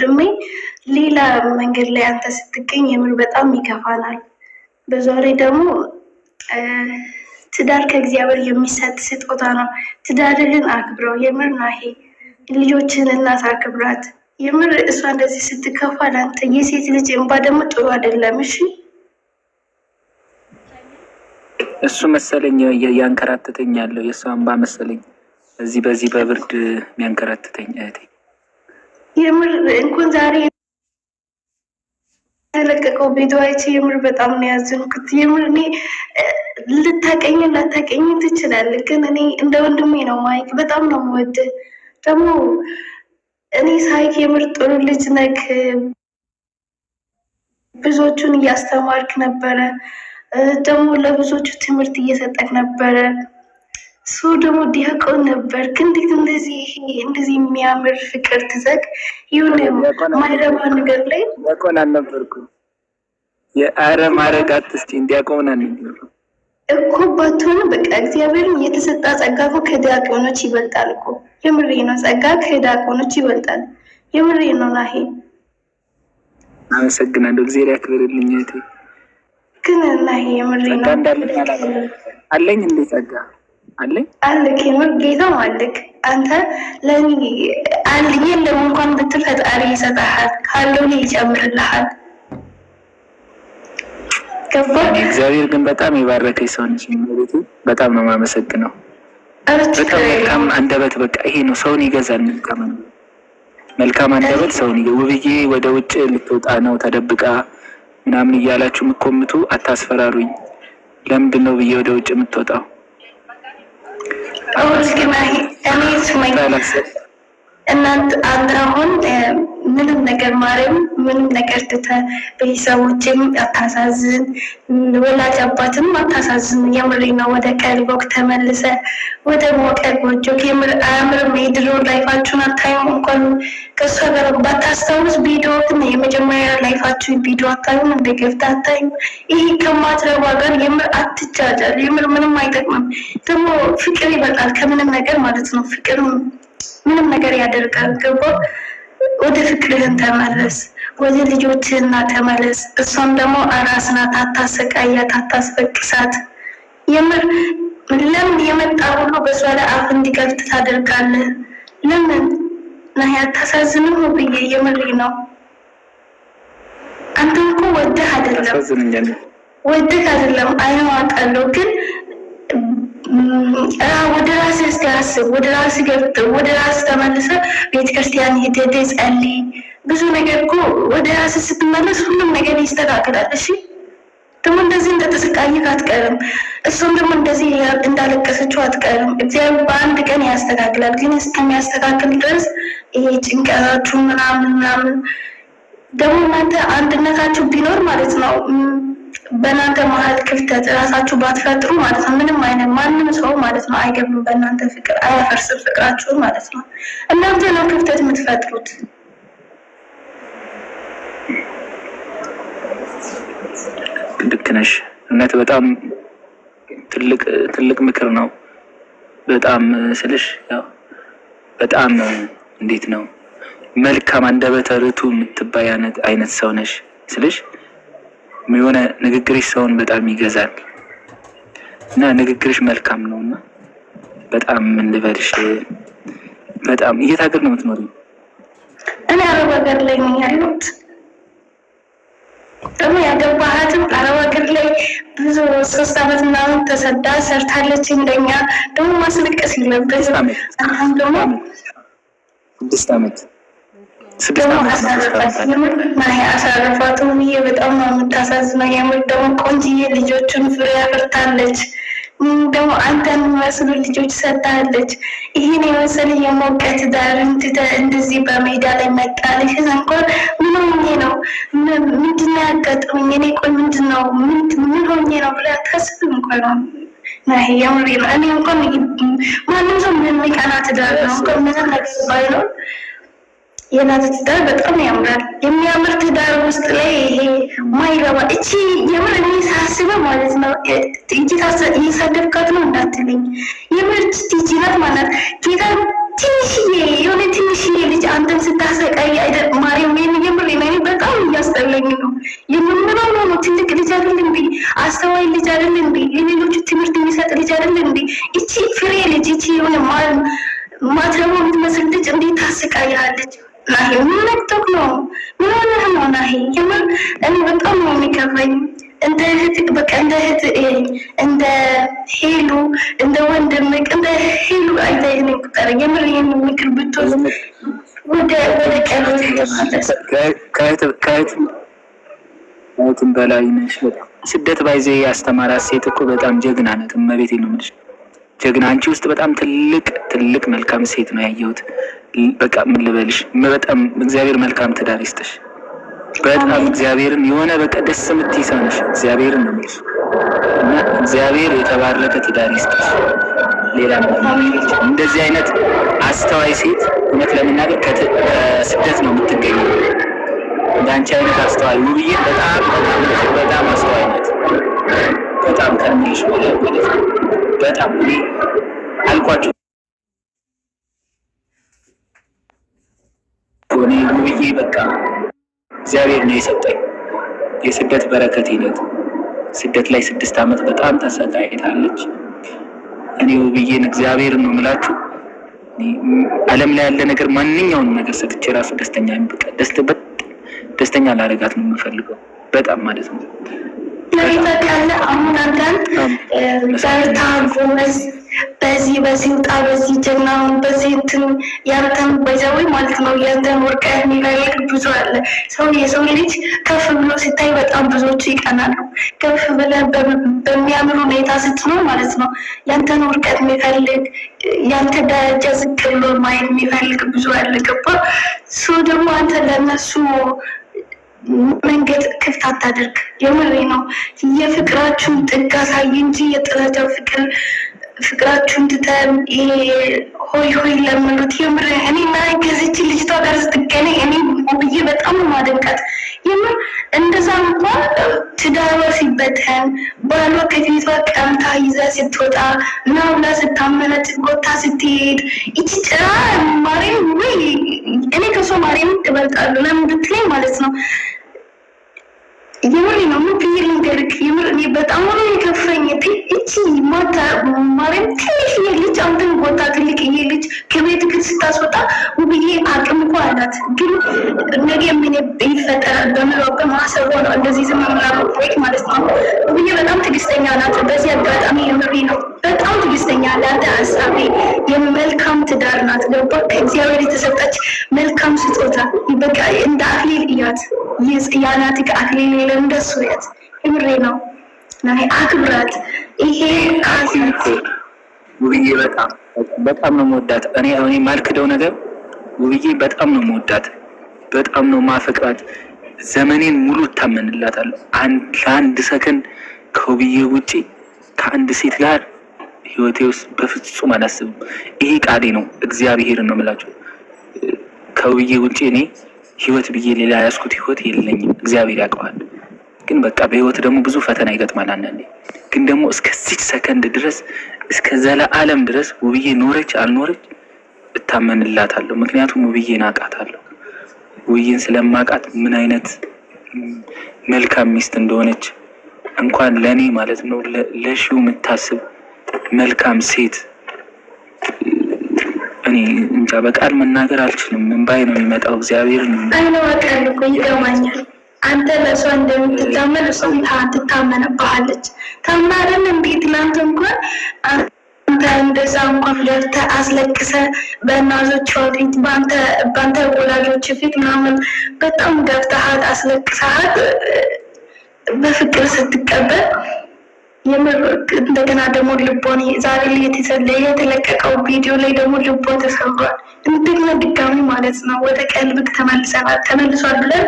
ድሜ ሌላ መንገድ ላይ አንተ ስትገኝ የምር በጣም ይከፋናል። ላይ ደግሞ ትዳር ከእግዚአብሔር የሚሰጥ ስጦታ ነው። ትዳርህን አክብረው የምር ናሄ። ልጆችን እናት አክብራት የምር። እሷ እንደዚህ ስትከፋ ለአንተ የሴት ልጅ እንባ ደግሞ ጥሩ አይደለም። እሺ እሱ መሰለኝ ያንከራትተኛለሁ የእሷ እንባ መሰለኝ እዚህ በዚህ በብርድ የሚያንከራትተኝ እህቴ የምር እንኳን ዛሬ የተለቀቀው ቪዲዮ አይቼ የምር በጣም ነው ያዘንኩት። የምር እኔ ልታቀኝ ላታቀኝ ትችላለህ፣ ግን እኔ እንደ ወንድሜ ነው ማይክ። በጣም ነው የምወድህ ደግሞ እኔ ሳይክ የምር ጥሩ ልጅ ነክ ብዙዎቹን እያስተማርክ ነበረ፣ ደግሞ ለብዙዎቹ ትምህርት እየሰጠክ ነበረ። ሰው ደግሞ ዲያቆን ነበር። እንዴት እንደዚህ ይሄ እንደዚህ የሚያምር ፍቅር ትዘግ ይሁን ማይረባ ነገር ላይ ዲያቆን አልነበርኩም። የአረ ማድረግ አትስቲ እንዲያቆን አልነበርኩም እኮ ባትሆን በቃ እግዚአብሔርን የተሰጣ ጸጋ እኮ ከዲያቆኖች ይበልጣል እኮ የምሬ ነው። ጸጋ ከዲያቆኖች ይበልጣል የምሬ ነው። ናሄ አመሰግናለሁ። እግዚአብሔር ያክብርልኝ እህቴ። ግን ናሄ የምሬ ነው አለኝ እንዴ ጸጋ አለኝ አለክ የምር ጌታም አለክ። አንተ ለእኔ አንድዬ እንደሞ እንኳን ብትል ፈጣሪ ይሰጠሃል፣ ካለው ይጨምርልሃል። ገባህ? እግዚአብሔር ግን በጣም የባረከኝ ሰው ነች። ቤቱ በጣም ነው የማመሰግነው። በጣም አንደበት በቃ ይሄ ነው ሰውን ይገዛል። መልካም መልካም አንደበት ሰውን ውብዬ፣ ወደ ውጭ ልትወጣ ነው ተደብቃ ምናምን እያላችሁ የምትኮምቱ አታስፈራሩኝ። ለምንድን ነው ብዬ ወደ ውጭ የምትወጣው? أعوذ بالله أمين سمي እናንተ አንድ አሁን ምንም ነገር ማርያም ምንም ነገር ትተ ቤተሰቦችም አታሳዝን፣ ወላጅ አባትም አታሳዝን። የምሬ ነው። ወደ ቀልቦክ ተመልሰ ወደ ሞቀ ጎጆ የምር አያምርም። የድሮ ላይፋችሁን አታዩም። እንኳን ከእሷ ጋር ባታስታውስ ቪዲዮ ግን የመጀመሪያ ላይፋችሁ ቪዲዮ አታዩም። እንደ ገብታ አታዩም። ይሄ ከማትረባ ጋር የምር አትጃጃል። የምር ምንም አይጠቅምም። ደግሞ ፍቅር ይበጣል ከምንም ነገር ማለት ነው ፍቅር ምንም ነገር ያደርጋል ገባ ወደ ፍቅርህን ተመለስ፣ ወደ ልጆችህና ተመለስ። እሷም ደግሞ አራስ ናት፣ አታሰቃያት፣ አታስበቅሳት። የምር ለምን የመጣ ሁሉ በሷ ላይ አፍ እንዲገልጥ ታደርጋለህ? ለምን ና አታሳዝንም? ብዬ የምር ነው። አንተ እኮ ወደህ አይደለም ወደህ አይደለም አይነው አውቃለሁ ግን ወደ ራስ እስቲ ወደ ራስ ገብተ ወደ ራስ ተመልሰ ቤተክርስቲያን ሂደህ ጸል ብዙ ነገር እኮ ወደ ራስ ስትመለስ ሁሉም ነገር ይስተካከላል። እሺ ደግሞ እንደዚህ እንደተሰቃየህ አትቀርም። እሱም ደግሞ እንደዚህ እንዳለቀሰችው አትቀርም። እግዚአብሔር በአንድ ቀን ያስተካክላል። ግን እስከሚያስተካክል ድረስ ይሄ ጭንቀታችሁ ምናምን ምናምን ደግሞ እናንተ አንድነታችሁ ቢኖር ማለት ነው በእናንተ መሀል ክፍተት እራሳችሁ ባትፈጥሩ ማለት ነው። ምንም አይነት ማንም ሰው ማለት ነው አይገብም። በእናንተ ፍቅር አያፈርስም ፍቅራችሁ ማለት ነው። እናንተ ነው ክፍተት የምትፈጥሩት። ልክ ነሽ። እውነት በጣም ትልቅ ትልቅ ምክር ነው። በጣም ስልሽ ያው በጣም እንዴት ነው መልካም አንደበተ ርቱ የምትባይ አይነት ሰው ነሽ ስልሽ የሆነ ንግግርሽ ሰውን በጣም ይገዛል እና ንግግርሽ መልካም ነው እና በጣም ምን በጣም የት ሀገር ነው የምትኖሪ? እኔ አረብ ሀገር ላይ ነው ያሉት። ደግሞ ያገባሃትም አረብ ሀገር ላይ ብዙ ሶስት አመት ምናምን ተሰዳ ሰርታለች እንደኛ። ደግሞ ማስለቀስ የለብን ደግሞ ስድስት አመት አሳልፋትም ይሄ በጣም ነው የምታሳዝነው። የምር ደግሞ ቆንጅዬ ልጆቹን ፍሬ አፍርታለች። ደግሞ አንተን የሚመስሉ ልጆች ሰጥታለች። ይህን የመሰለ የሞቀ ትዳር እንደዚህ በሜዳ ላይ መጣልሽ እንኳን ምን ሆኜ ነው? ምንድን ነው ያጋጠመኝ? እኔ ቆይ ምንድን ነው ምን ሆኜ ነው ብላ ታስብ እንኳ ነው እኔ እንኳን ማንም ሰው ምንም የሚቀና ትዳር ነው ምንም ነገር ባይኖር የናት ትዳር በጣም ያምራል። የሚያምር ትዳር ውስጥ ላይ ይሄ ማይገባ እቺ የምር እኔ ሳስበ ማለት ነው እየሳደብካት ነው እንዳትለኝ፣ የምርች ቲጂ ናት ማለት ጌታ ትንሽዬ የሆነ ትንሽዬ ልጅ አንተን ስታሰቃይ አይደ ማርያም ይህን የምር ነ በጣም እያስጠለኝ ነው የምንለው ነው። ነው ትልቅ ልጅ አይደል እንዴ? አስተዋይ ልጅ አይደል እንዴ? የሌሎቹ ትምህርት የሚሰጥ ልጅ አይደል እንዴ? እቺ ፍሬ ልጅ እቺ የሆነ ማትረባ የምትመስል ልጅ እንዴት ታስቃያለች? ናሂ ምን መጥቶክ ነው? ምን ሆነህ ነው ናሂ? የምር እኔ በጣም ነው የሚከፋኝ። እንደ እህትህ በቃ እንደ እህትህ እንደ ሄሉ እንደ ወንድምህ እንደ ሄሉ አይተህ እኔን ቁጠረኝ። የምር ይህን ምክር ብትወስድ ወደ ወደ ቀብር ለማለት ከእህትም በላይ ነሽ። በጣም ስደት ባይዜ ያስተማራት ሴት እኮ በጣም ጀግና ናት። እመቤቴ ነው የምልሽ ጀግና አንቺ ውስጥ በጣም ትልቅ ትልቅ መልካም ሴት ነው ያየሁት። በቃ ምን ልበልሽ፣ በጣም እግዚአብሔር መልካም ትዳር ይስጥሽ። በጣም እግዚአብሔርን የሆነ በቃ ደስ የምትይ ሰው ነሽ። እግዚአብሔርን ነው የሚልሽ እና እግዚአብሔር የተባረከ ትዳር ይስጥሽ። ሌላ እንደዚህ አይነት አስተዋይ ሴት እውነት ለመናገር ከስደት ነው የምትገኘው። እንደ አንቺ አይነት አስተዋይ ውብዬ፣ በጣም በጣም በጣም አስተዋይነት በጣም ከምልሽ በላይ ማለት ነው በጣም አልኳቸው። እኔ ውብዬ በቃ እግዚአብሔር ነው የሰጠኝ የስደት በረከት ሂደት ስደት ላይ ስድስት ዓመት በጣም ተሰቃይታለች። እኔ ውብዬን እግዚአብሔር ነው የምላችሁ ዓለም ላይ ያለ ነገር ማንኛውን ነገር ሰጥቼ ራሱ ደስተኛ ደስተኛ ላረጋት ነው የምፈልገው በጣም ማለት ነው። ይበቃል። አሁን አንዳንድ በርታ ጎበዝ፣ በዚህ በዚህ በዚህ ጀና፣ በዚህ ያንተን በዛዊ ማለት ነው ያንተን ወርቀ የሚፈልግ ብዙ አለ። ሰው የሰው ልጅ ከፍ ብሎ ሲታይ በጣም ብዙዎቹ ይቀናሉ። ከፍ ብለ በሚያምር ሁኔታ ስትኖር ማለት ነው ያንተን ወርቀት የሚፈልግ ያንተ ደረጃ ዝቅ ብሎ ማየት የሚፈልግ ብዙ አለ። ገባ ሰው ደግሞ አንተ ለእነሱ መንገድ ክፍት አታደርግ። የምሬ ነው። የፍቅራችሁን ጥግ አሳይ እንጂ የጥላቻው ፍቅር ፍቅራችሁን ትተን ሆይ ሆይ ለምሉት። የምር እኔ ና ከዚች ልጅቷ ጋር ስትገናኝ እኔ ብዬ በጣም ማደንቀት የምር። እንደዛ እንኳን ትዳሯ ሲበተን ባሏ ከፊቷ ቀምታ ይዛ ስትወጣ ናውላ ስታመነጭ ጎታ ስትሄድ ይቺ ጭራ ማሬ ወይ ማርያም ትበልጣሉ ለምን ብትለኝ ማለት ነው የምር ነው። ምን ብዬ ልንገርህ? የምር እኔ በጣም ነው የከፋኝ። እቺ ማታ ማርያም ትንሽዬ የልጅ አንተን ቦታ ትልቅዬ ልጅ ከቤት ግን ስታስወጣ ውብዬ አቅም እኮ አላት፣ ግን ነገ ምን ይፈጠራል በምለው በማሰብ ነው እንደዚህ ዝም ምናምን ወይ ማለት ነው። ውብዬ በጣም ትግስተኛ ናት። በዚህ አጋጣሚ የምሬ ነው በጣም ትግስተኛ ለአንተ ሀሳቤ የመልካም ትዳር ናት። ገባ ከእግዚአብሔር የተሰጠች መልካም ስጦታ በቃ እንደ አክሊል እያት የናቲ አክሊል የለም እንደሱ ያት ምሬ ነው ናይ አክብራት። ይሄ አሲቲ ውብዬ በጣም በጣም ነው መወዳት። እኔ እኔ ማልክደው ነገር ውብዬ በጣም ነው መወዳት፣ በጣም ነው ማፈቅራት። ዘመኔን ሙሉ እታመንላታለሁ። አንድ ለአንድ ሰከንድ ከውብዬ ውጪ ከአንድ ሴት ጋር ህይወቴ ውስጥ በፍጹም አላስብም። ይሄ ቃሌ ነው። እግዚአብሔርን ነው የምላቸው ከውብዬ ውጪ እኔ ህይወት ብዬ ሌላ ያስኩት ህይወት የለኝም። እግዚአብሔር ያውቀዋል። ግን በቃ በህይወት ደግሞ ብዙ ፈተና ይገጥማል። አንዳንዴ ግን ደግሞ እስከዚች ሰከንድ ድረስ እስከ አለም ድረስ ውብዬ ኖረች አልኖረች እታመንላታለሁ። ምክንያቱም ውብዬን አውቃታለሁ። ውብዬን ስለማውቃት ምን አይነት መልካም ሚስት እንደሆነች እንኳን ለእኔ ማለት ነው ለሺው የምታስብ መልካም ሴት እኔ እንጃ በቃል መናገር አልችልም። እንባይ ነው የሚመጣው። እግዚአብሔር ነው አይለዋቀል እኮ ይገባኛል። አንተ ለእሷ እንደምትታመን እሷም ትታመንብሃለች። ታማረን እንዴት ትናንት እንኳን አንተ እንደዛ እንኳን ደርተ አስለቅሰ በእናቶቿ ፊት በአንተ ወላጆች ፊት ምናምን በጣም ደርተሃት አስለቅሰሃት በፍቅር ስትቀበል እንደገና ደግሞ ልቦን ዛሬ ላይ የተለቀቀው ቪዲዮ ላይ ደግሞ ልቦ ተሰብሯል። እንደገና ድጋሚ ማለት ነው ወደ ቀልብክ ተመልሰናል ተመልሷል ብለን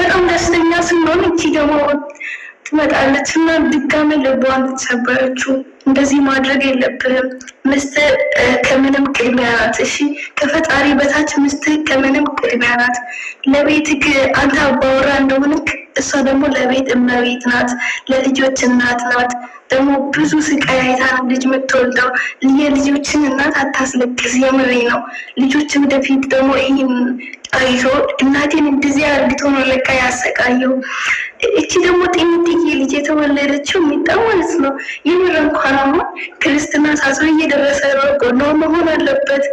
በጣም ደስተኛ ስንሆን እቺ ደግሞ ትመጣለች እና ድጋሚ ልቧን ሰበረችው። እንደዚህ ማድረግ የለብንም። ምስት ከምንም ቅድሚያ ናት። እሺ ከፈጣሪ በታች ምስት ከምንም ቅድሚያ ናት። ለቤትህ አንተ አባወራ እንደሆንክ እሷ ደግሞ ለቤት እመቤት ናት፣ ለልጆች እናት ናት። ደግሞ ብዙ ስቃይ አይታ ልጅ የምትወልደው የልጆችን እናት አታስለቅስ። የምሬ ነው። ልጆች ወደፊት ደግሞ ይህን አይዞ እናቴን እንደዚህ አርግቶ ነው ለካ ያሰቃየው። እቺ ደግሞ ጤንጥዬ ልጅ ነው። ይህ እንኳን አሁን ክርስትና ሳሰብ እየደረሰ ጎኖ መሆን አለበት።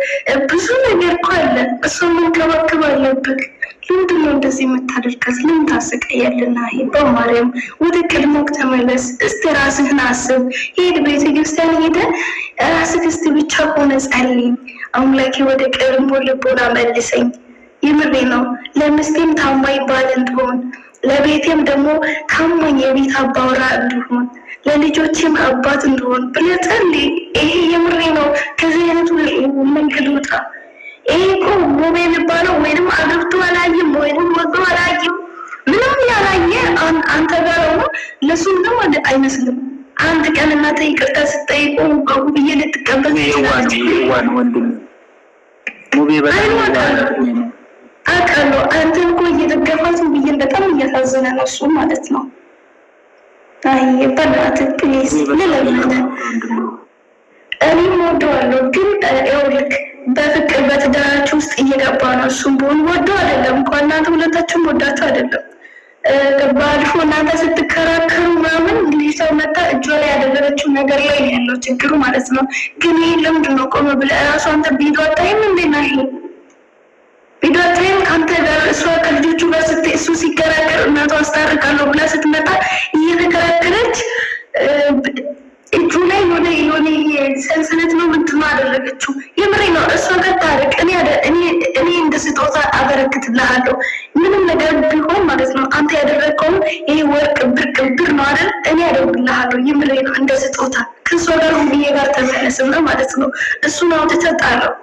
ብዙ ነገር እኮ አለ፣ እሱ መንከባከብ አለበት። ለምንድን ነው እንደዚህ የምታደርጋት? ለምን ታሰቃያልና? በማርያም ወደ ቀድሞክ ተመለስ። እስቲ ራስህን አስብ። ሄድ ቤተክርስቲያን ሄደ ራስህ እስቲ ብቻ ሆነ ጸልይ። አምላኬ ወደ ቀድሞ ልቦና መልሰኝ። የምሬ ነው። ለምስቴም ታማኝ ባል እንድሆን ለቤቴም ደግሞ ታማኝ የቤት አባወራ እንዲሆን ለልጆችም አባት እንድሆን ብለህ ጸልይ። ይሄ የምሬ ነው። ከዚህ አይነቱ መንገድ ውጣ። ይሄ እኮ ሞቤ የሚባለው ወይንም አገብቶ አላየም ወይንም ወዶ አላየም ምንም ያላየ አንተ ጋር ሆኖ ለሱም ደግሞ አይመስልም። አንድ ቀን እናተ ይቅርታ ስጠይቁ በጉ ብዬ ልትቀበል ይችላል። ወንድም ሙቤ በጣም አውቃለሁ። አንተ እኮ እየደገፋት ብዬን በጣም እያሳዘነ ነው እሱ ማለት ነው። አይ በላት ፕሊዝ ልለምነ እኔም ወደዋለሁ፣ ግን ይኸውልህ በፍቅር በትዳራችሁ ውስጥ እየገባ ነው። እሱም ቢሆን ወዶ አይደለም እኮ እናንተ ሁለታችሁም ወዳችሁ አይደለም። ባልፎ እናንተ ስትከራከሩ ምናምን ልጅቷ መታ እጇ ላይ ያደረገችው ነገር ላይ ያለው ችግሩ ማለት ነው። ግን ይህ ልምድ ነው። ቆመ ብለ ራሱ አንተ ቢዶ አታይም እንዴ ይሄ ልደቴም ከአንተ ጋር እሷ ከልጆቹ ጋር እሱ ሲከራከር እናቱ አስታርቃለሁ ብላ ስትመጣ እየተከራከረች እጁ ላይ የሆነ የሆነ ሰንሰለት ነው ምንትኖ አደረገችው። የምሬ ነው። እሷ ጋር ታረቅ፣ እኔ እንደ ስጦታ አበረክትልሃለሁ። ምንም ነገር ቢሆን ማለት ነው አንተ ያደረግከውን ይሄ ወርቅ ብርቅ ብር ነው አይደል? እኔ ያደርግልሃለሁ። የምሬ ነው። እንደ ስጦታ ከእሷ ጋር ሁብዬ ጋር ተመለስም ነው ማለት ነው። እሱን አውጥተህ ጣለው።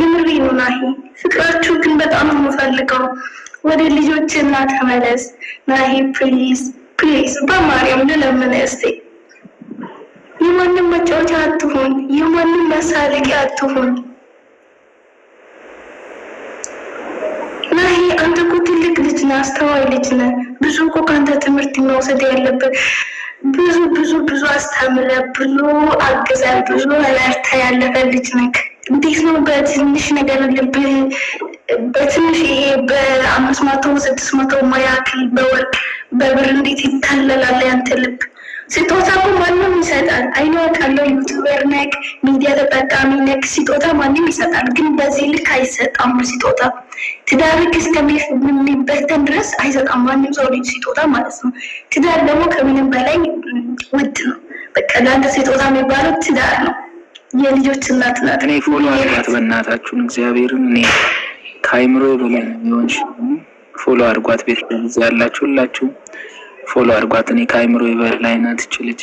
የምሬ ነው ናሂ፣ ፍቅራችሁ ግን በጣም የምፈልገው ወደ ልጆች እና ተመለስ ናሂ፣ ፕሊዝ ፕሊዝ፣ በማርያም ልለምን እስቴ። የማንም መጫወቻ አትሁን፣ የማንም መሳለቂያ አትሁን። ናሂ አንተ እኮ ትልቅ ልጅ ነህ፣ አስተዋይ ልጅ ነህ። ብዙ እኮ ከአንተ ትምህርት መውሰድ ያለበት ብዙ ብዙ ብዙ አስተምረ ብዙ አግዘ ብዙ ለርተ ያለፈ ልጅ ነህ። እንዴት ነው በትንሽ ነገር ልብ በትንሽ ይሄ በአምስት መቶ ስድስት መቶ ማያክል በወርቅ በብር እንዴት ይታለላል ያንተ ልብ? ስጦታ እኮ ማንም ይሰጣል። አይኖ ቃለው ዩቱበር ነክ ሚዲያ ተጠቃሚ ነክ ስጦታ ማንም ይሰጣል፣ ግን በዚህ ልክ አይሰጣም። ስጦታ ትዳርግ እስከሚበተን ድረስ አይሰጣም ማንም ሰው ልጅ ስጦታ ማለት ነው። ትዳር ደግሞ ከምንም በላይ ውድ ነው። በቃ ለአንተ ስጦታ የሚባለው ትዳር ነው። የልጆች እናት ናት። እኔ ፎሎ አርጓት በእናታችሁን እግዚአብሔርን እኔ ከአይምሮ በላይ የሚሆንሽ ፎሎ አድርጓት። ቤት ለዚ ያላችሁ ሁላችሁ ፎሎ አድርጓት። እኔ ከአይምሮ በላይ ናት ይች ልጅ።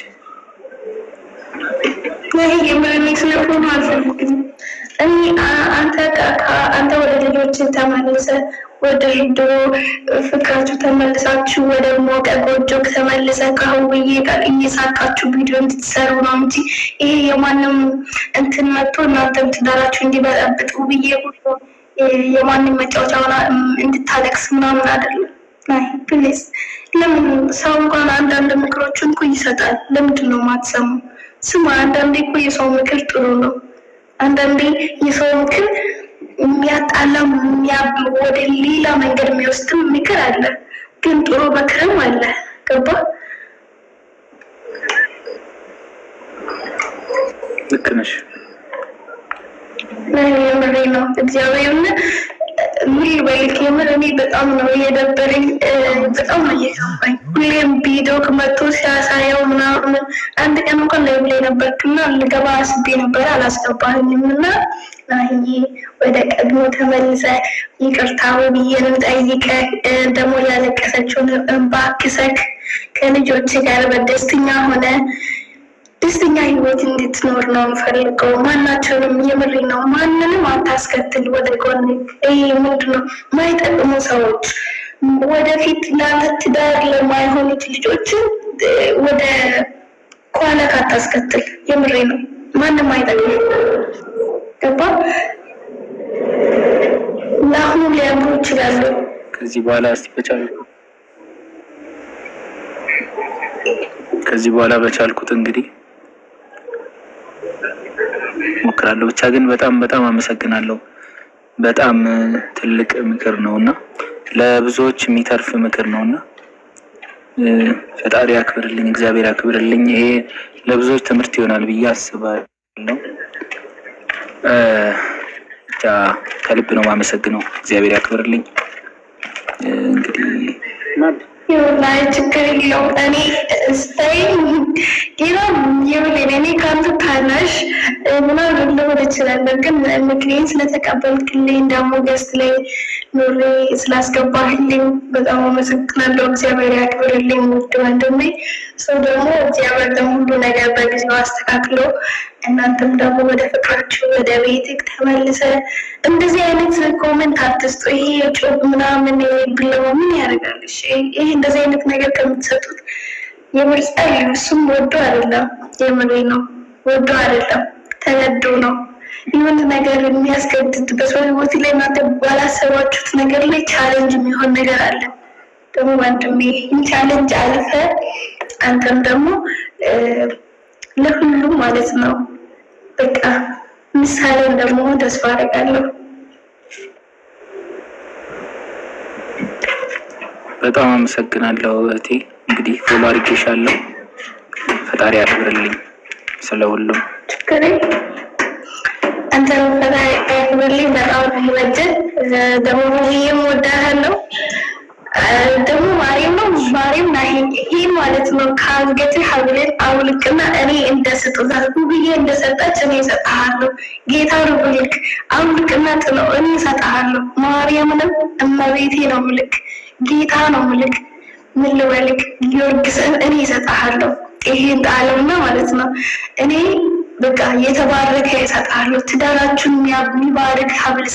አንተ ወደ ልጆች ተመልሰ ወደ ድሮ ፍቅራችሁ ተመልሳችሁ ወደ ሞቀ ጎጆ ተመልሰ ከህውዬ ጋር እየሳቃችሁ ቪዲዮ እንድትሰሩ ነው እንጂ ይሄ የማንም እንትን መጥቶ እናንተም ትዳራችሁ እንዲበጠብጡ ብዬ የማንም መጫወቻ እንድታለቅስ ምናምን አይደለም። ፕሊዝ ለምን ሰው እንኳን አንዳንድ ምክሮችን እኮ ይሰጣል። ለምንድን ነው ማትሰሙ? ስማ፣ አንዳንዴ እኮ የሰው ምክር ጥሩ ነው። አንዳንዴ የሰው ምክር የሚያጣላም ወደ ሌላ መንገድ የሚወስድም ምክር አለ። ግን ጥሩ ምክርም አለ። ገባ ልክ ነሽ። የምሬ ነው። እግዚአብሔር ምን በልክ የምር እኔ በጣም ነው እየደበረኝ፣ በጣም ነው እየከፋኝ። ሁሌም ቢዶክ መጥቶ ሲያሳየው ምናምን አንድ ቀን እንኳን ላይ ላይብላይ ነበርክና ልገባ አስቤ ነበረ አላስገባህኝም እና አይ ወደ ቀድሞ ተመልሰ ይቅርታው ብዬንም ጠይቀ ደግሞ ያለቀሰችውን እንባ ክሰክ ከልጆች ጋር በደስተኛ ሆነ ደስተኛ ህይወት እንድትኖር ነው የምፈልገው። ማናቸውንም የምሪ ነው። ማንንም አታስከትል ወደ ጎን። ምንድነው ማይጠቅሙ ሰዎች ወደፊት ለአንተ ትዳር ለማይሆኑት ልጆችን ወደ ኋላ አታስከትል። የምሪ ነው። ማንም አይጠቅሙ ገባ ሊያምሩ ይችላሉ። ከዚህ በኋላ እስቲ በቻልኩ ከዚህ በኋላ በቻልኩት እንግዲህ ሞክራለሁ። ብቻ ግን በጣም በጣም አመሰግናለሁ። በጣም ትልቅ ምክር ነው እና ለብዙዎች የሚተርፍ ምክር ነው እና ፈጣሪ አክብርልኝ፣ እግዚአብሔር አክብርልኝ። ይሄ ለብዙዎች ትምህርት ይሆናል ብዬ አስባለሁ። ብቻ ከልብ ነው ማመሰግነው። እግዚአብሔር ያክብርልኝ። እንግዲህ ይኸውልህ ችግር የለውም እኔ ስታይ ሌላ ይኸውልህ እኔ ከአንተ ታናሽ ምናምን ልሆን እችላለሁ። ግን ምክሬን ስለተቀበልክልኝ ደግሞ ገስት ላይ ኖሬ ስላስገባህልኝ በጣም አመሰግናለሁ። እግዚአብሔር ያክብርልኝ ውድ ወንድሜ። ሰው ደግሞ እግዚአብሔር ደግሞ ሁሉ ነገር በጊዜው አስተካክሎ እናንተም ደግሞ ወደ ፍቅራችሁ ወደ ቤትህ ተመልሰ እንደዚህ አይነት ኮመንት አትስጡ። ይሄ የጮብ ምናምን ብለው ምን ያደርጋል? ይሄ እንደዚህ አይነት ነገር ከምትሰጡት የምርጫ እሱም ወዶ አይደለም የምሬ ነው ወዶ አይደለም። ተገዶ ነው የሆነ ነገር በሰው ህይወት ላይ እናንተ ባላሰባችሁት ነገር ላይ ቻለንጅ የሚሆን ነገር አለ። ደግሞ ወንድሜ ይህ ቻለንጅ አልፈ አንተም ደግሞ ለሁሉም ማለት ነው በቃ ምሳሌ እንደመሆን ተስፋ አደርጋለሁ። በጣም አመሰግናለሁ እህቴ። እንግዲህ ፎሎ አድርጌሻለሁ። ፈጣሪ አክብርልኝ። ስለ ሁሉም ችግር አንተ በጣም ደግሞ ደግሞ ማሪም ነው ማሪም ና ማለት ነው አውልቅና እኔ እንደሰጠች እኔ እሰጥሃለሁ። ጌታ ነው ብልክ አውልቅና ጥለው እኔ እሰጥሃለሁ። ማርያምንም እመቤቴ ነው ምልክ ጌታ ነው ምልክ ምን ልበልክ ጊዮርጊስን እኔ እሰጥሃለሁ ይሄ ጣለውና ማለት ነው። እኔ በቃ የተባረከ ይሰጣሉ። ትዳራችሁን የሚባርክ ሀብል